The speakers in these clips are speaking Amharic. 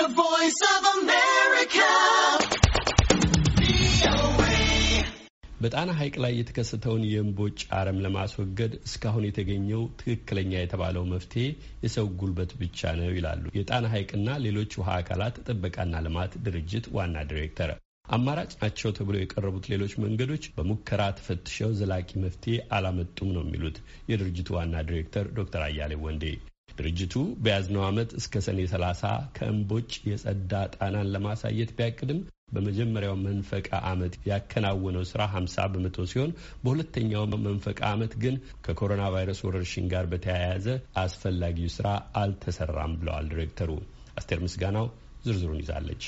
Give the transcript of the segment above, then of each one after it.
The Voice of America. በጣና ሐይቅ ላይ የተከሰተውን የእምቦጭ አረም ለማስወገድ እስካሁን የተገኘው ትክክለኛ የተባለው መፍትሄ የሰው ጉልበት ብቻ ነው ይላሉ የጣና ሐይቅና ሌሎች ውሃ አካላት ጥበቃና ልማት ድርጅት ዋና ዲሬክተር። አማራጭ ናቸው ተብለው የቀረቡት ሌሎች መንገዶች በሙከራ ተፈትሸው ዘላቂ መፍትሄ አላመጡም ነው የሚሉት የድርጅቱ ዋና ዲሬክተር ዶክተር አያሌው ወንዴ። ድርጅቱ በያዝነው ዓመት እስከ ሰኔ 30 ከእምቦጭ የጸዳ ጣናን ለማሳየት ቢያቅድም በመጀመሪያው መንፈቃ ዓመት ያከናወነው ስራ 50 በመቶ ሲሆን በሁለተኛው መንፈቃ ዓመት ግን ከኮሮና ቫይረስ ወረርሽኝ ጋር በተያያዘ አስፈላጊው ስራ አልተሰራም ብለዋል ዲሬክተሩ። አስቴር ምስጋናው ዝርዝሩን ይዛለች።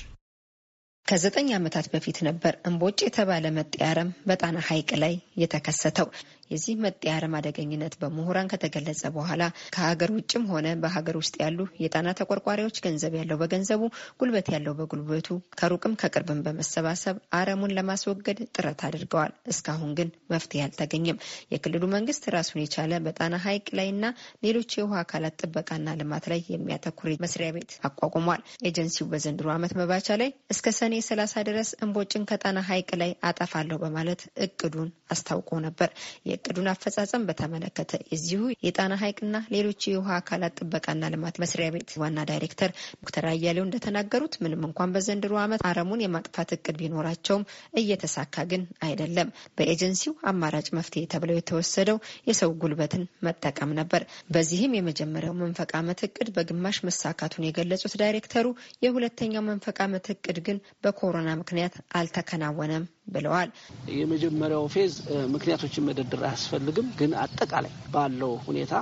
ከዘጠኝ ዓመታት በፊት ነበር እምቦጭ የተባለ መጤ አረም በጣና ሐይቅ ላይ የተከሰተው። የዚህ መጤ አረም አደገኝነት በምሁራን ከተገለጸ በኋላ ከሀገር ውጭም ሆነ በሀገር ውስጥ ያሉ የጣና ተቆርቋሪዎች ገንዘብ ያለው በገንዘቡ፣ ጉልበት ያለው በጉልበቱ፣ ከሩቅም ከቅርብም በመሰባሰብ አረሙን ለማስወገድ ጥረት አድርገዋል። እስካሁን ግን መፍትሄ አልተገኘም። የክልሉ መንግስት ራሱን የቻለ በጣና ሐይቅ ላይና ሌሎች የውሃ አካላት ጥበቃና ልማት ላይ የሚያተኩር መስሪያ ቤት አቋቁሟል። ኤጀንሲው በዘንድሮ ዓመት መባቻ ላይ እስከ ሰኔ ሰላሳ ድረስ እምቦጭን ከጣና ሐይቅ ላይ አጠፋለሁ በማለት እቅዱን አስታውቆ ነበር። የእቅዱን አፈጻጸም በተመለከተ የዚሁ የጣና ሐይቅና ሌሎች የውሃ አካላት ጥበቃና ልማት መስሪያ ቤት ዋና ዳይሬክተር ዶክተር አያሌው እንደተናገሩት ምንም እንኳን በዘንድሮ ዓመት አረሙን የማጥፋት እቅድ ቢኖራቸውም እየተሳካ ግን አይደለም። በኤጀንሲው አማራጭ መፍትሄ ተብለው የተወሰደው የሰው ጉልበትን መጠቀም ነበር። በዚህም የመጀመሪያው መንፈቅ ዓመት እቅድ በግማሽ መሳካቱን የገለጹት ዳይሬክተሩ የሁለተኛው መንፈቅ ዓመት እቅድ ግን በኮሮና ምክንያት አልተከናወነም ብለዋል። የመጀመሪያው ፌዝ ምክንያቶችን መደርደር አያስፈልግም፣ ግን አጠቃላይ ባለው ሁኔታ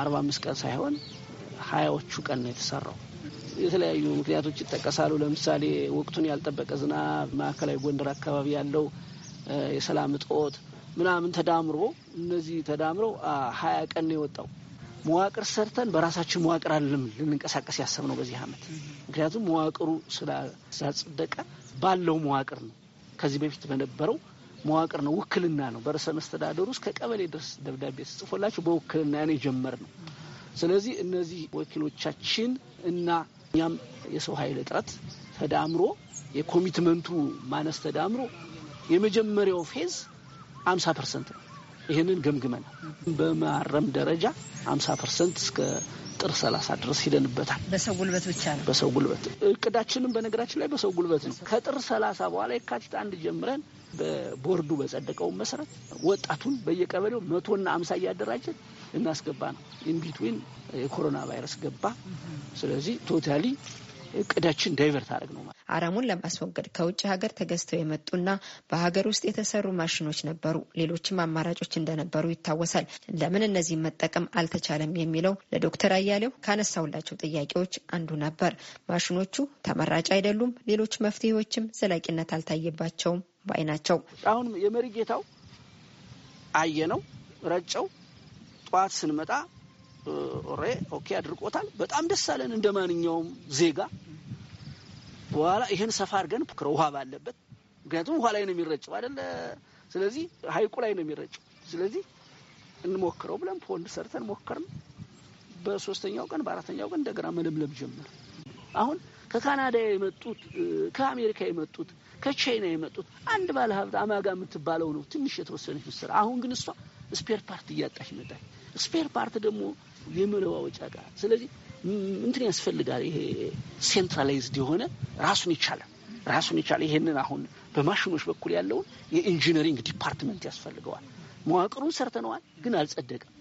አርባ አምስት ቀን ሳይሆን ሀያዎቹ ቀን ነው የተሰራው። የተለያዩ ምክንያቶች ይጠቀሳሉ። ለምሳሌ ወቅቱን ያልጠበቀ ዝናብ፣ ማዕከላዊ ጎንደር አካባቢ ያለው የሰላም እጦት ምናምን ተዳምሮ እነዚህ ተዳምረው ሀያ ቀን ነው የወጣው። መዋቅር ሰርተን በራሳችን መዋቅር አለም ልንንቀሳቀስ ያሰብነው በዚህ አመት ምክንያቱም መዋቅሩ ስላጸደቀ ባለው መዋቅር ነው ከዚህ በፊት በነበረው መዋቅር ነው፣ ውክልና ነው። በርዕሰ መስተዳደሩ ውስጥ ከቀበሌ ድረስ ደብዳቤ ተጽፎላቸው በውክልና ነው የጀመር ነው። ስለዚህ እነዚህ ወኪሎቻችን እና እኛም የሰው ኃይል እጥረት ተዳምሮ የኮሚትመንቱ ማነስ ተዳምሮ የመጀመሪያው ፌዝ አምሳ ፐርሰንት ነው። ይህንን ገምግመናል። በማረም ደረጃ 50 ፐርሰንት እስከ ጥር 30 ድረስ ሂደንበታል። በሰው ጉልበት ብቻ ነው። በሰው ጉልበት እቅዳችንም በነገራችን ላይ በሰው ጉልበት ነው። ከጥር 30 በኋላ የካቲት አንድ ጀምረን በቦርዱ በጸደቀው መሰረት ወጣቱን በየቀበሌው መቶና አምሳ እያደራጀን እናስገባ ነው። ኢንቢትዊን የኮሮና ቫይረስ ገባ። ስለዚህ ቶታሊ እቅዳችን ዳይቨርት አድረግ ነው። አረሙን ለማስወገድ ከውጭ ሀገር ተገዝተው የመጡና በሀገር ውስጥ የተሰሩ ማሽኖች ነበሩ። ሌሎችም አማራጮች እንደነበሩ ይታወሳል። ለምን እነዚህን መጠቀም አልተቻለም የሚለው ለዶክተር አያሌው ካነሳውላቸው ጥያቄዎች አንዱ ነበር። ማሽኖቹ ተመራጭ አይደሉም፣ ሌሎች መፍትሄዎችም ዘላቂነት አልታየባቸውም ባይ ናቸው። አሁን የመሪ ጌታው ነው ረጨው ጠዋት ስንመጣ ኦኬ አድርቆታል። በጣም ደስ አለን እንደ ማንኛውም ዜጋ በኋላ ይህን ሰፋ አድርገን ሞክረው ውሃ ባለበት፣ ምክንያቱም ውሃ ላይ ነው የሚረጨው አይደለ? ስለዚህ ሀይቁ ላይ ነው የሚረጨው። ስለዚህ እንሞክረው ብለን ፖንድ ሰርተን ሞከርን። በሶስተኛው ቀን በአራተኛው ቀን እንደገና መለምለም ጀመር። አሁን ከካናዳ የመጡት ከአሜሪካ የመጡት ከቻይና የመጡት አንድ ባለሀብት አማጋ የምትባለው ነው ትንሽ የተወሰነች ምስር። አሁን ግን እሷ ስፔር ፓርት እያጣች መጣች። ስፔር ፓርት ደግሞ የመለዋወጫ እቃ። ስለዚህ እንትን ያስፈልጋል። ይሄ ሴንትራላይዝድ የሆነ ራሱን የቻለ ራሱን የቻለ ይሄንን አሁን በማሽኖች በኩል ያለውን የኢንጂነሪንግ ዲፓርትመንት ያስፈልገዋል። መዋቅሩን ሰርተነዋል፣ ግን አልጸደቀም።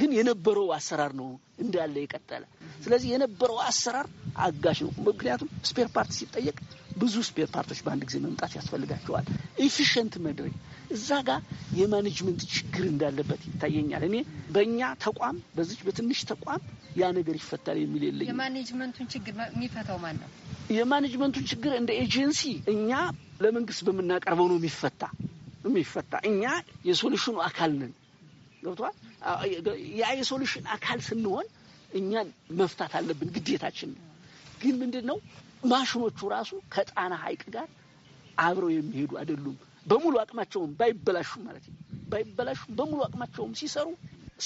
ግን የነበረው አሰራር ነው እንዳለ የቀጠለ። ስለዚህ የነበረው አሰራር አጋሽ ነው። ምክንያቱም ስፔር ፓርት ሲጠየቅ ብዙ ስፔር ፓርቶች በአንድ ጊዜ መምጣት ያስፈልጋቸዋል። ኤፊሽንት መድረግ እዛ ጋር የማኔጅመንት ችግር እንዳለበት ይታየኛል። እኔ በእኛ ተቋም በዚች በትንሽ ተቋም ያ ነገር ይፈታል የሚል የለኝም። የማኔጅመንቱን ችግር የሚፈታው ማን ነው? የማኔጅመንቱን ችግር እንደ ኤጀንሲ እኛ ለመንግስት በምናቀርበው ነው የሚፈታ የሚፈታ እኛ የሶሉሽኑ አካል ነን። ገብቷል። ያ የሶሉሽን አካል ስንሆን እኛን መፍታት አለብን፣ ግዴታችን ነው። ግን ምንድን ነው ማሽኖቹ ራሱ ከጣና ሐይቅ ጋር አብረው የሚሄዱ አይደሉም። በሙሉ አቅማቸውም ባይበላሹ ማለት ነው ባይበላሹ በሙሉ አቅማቸውም ሲሰሩ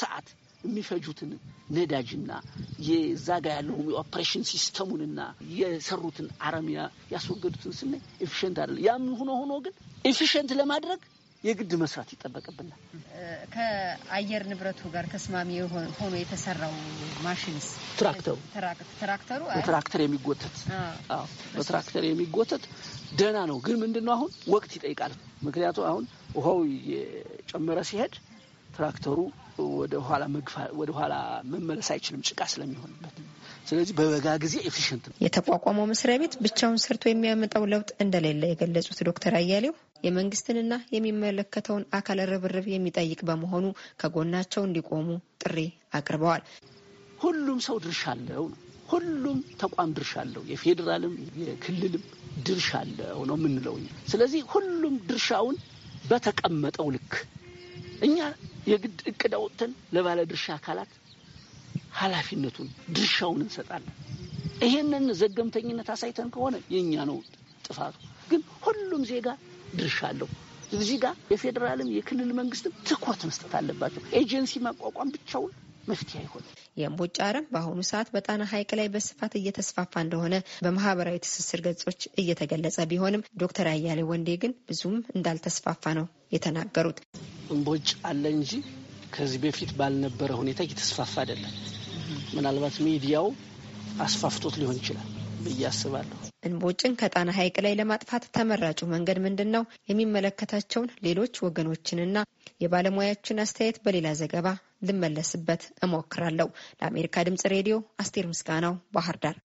ሰዓት የሚፈጁትን ነዳጅና የዛ ጋ ያለውን የኦፕሬሽን ሲስተሙንና የሰሩትን አረሚያ ያስወገዱትን ስናይ ኤፊሽንት አይደለም። ያም ሆኖ ሆኖ ግን ኤፊሽንት ለማድረግ የግድ መስራት ይጠበቅብናል። ከአየር ንብረቱ ጋር ተስማሚ ሆኖ የተሰራው ማሽንስ ትራክተሩ ትራክተሩ በትራክተር የሚጎተት በትራክተር የሚጎተት ደህና ነው፣ ግን ምንድን ነው አሁን ወቅት ይጠይቃል። ምክንያቱም አሁን ውሃው የጨመረ ሲሄድ ትራክተሩ ወደ ኋላ መመለስ አይችልም ጭቃ ስለሚሆንበት። ስለዚህ በበጋ ጊዜ ኤፊሽንት ነው። የተቋቋመው መስሪያ ቤት ብቻውን ሰርቶ የሚያመጣው ለውጥ እንደሌለ የገለጹት ዶክተር አያሌው የመንግስትንና የሚመለከተውን አካል ርብርብ የሚጠይቅ በመሆኑ ከጎናቸው እንዲቆሙ ጥሪ አቅርበዋል። ሁሉም ሰው ድርሻ አለው ነው ሁሉም ተቋም ድርሻ አለው። የፌዴራልም የክልልም ድርሻ አለው ነው የምንለው። ስለዚህ ሁሉም ድርሻውን በተቀመጠው ልክ እኛ የግድ እቅድ አውጥተን ለባለድርሻ አካላት ኃላፊነቱን ድርሻውን እንሰጣለን። ይሄንን ዘገምተኝነት አሳይተን ከሆነ የእኛ ነው ጥፋቱ። ግን ሁሉም ዜጋ ድርሻ አለው። እዚህ ጋር የፌዴራልም የክልል መንግስትም ትኩረት መስጠት አለባቸው። ኤጀንሲ ማቋቋም ብቻውን መፍትሄ አይሆንም። የእምቦጭ አረም በአሁኑ ሰዓት በጣና ሐይቅ ላይ በስፋት እየተስፋፋ እንደሆነ በማህበራዊ ትስስር ገጾች እየተገለጸ ቢሆንም ዶክተር አያሌ ወንዴ ግን ብዙም እንዳልተስፋፋ ነው የተናገሩት። እምቦጭ አለ እንጂ ከዚህ በፊት ባልነበረ ሁኔታ እየተስፋፋ አይደለም። ምናልባት ሚዲያው አስፋፍቶት ሊሆን ይችላል ብዬ አስባለሁ። እንቦጭን ከጣና ሐይቅ ላይ ለማጥፋት ተመራጩ መንገድ ምንድን ነው? የሚመለከታቸውን ሌሎች ወገኖችንና የባለሙያዎችን አስተያየት በሌላ ዘገባ ልመለስበት እሞክራለሁ። ለአሜሪካ ድምጽ ሬዲዮ አስቴር ምስጋናው ባህር ዳር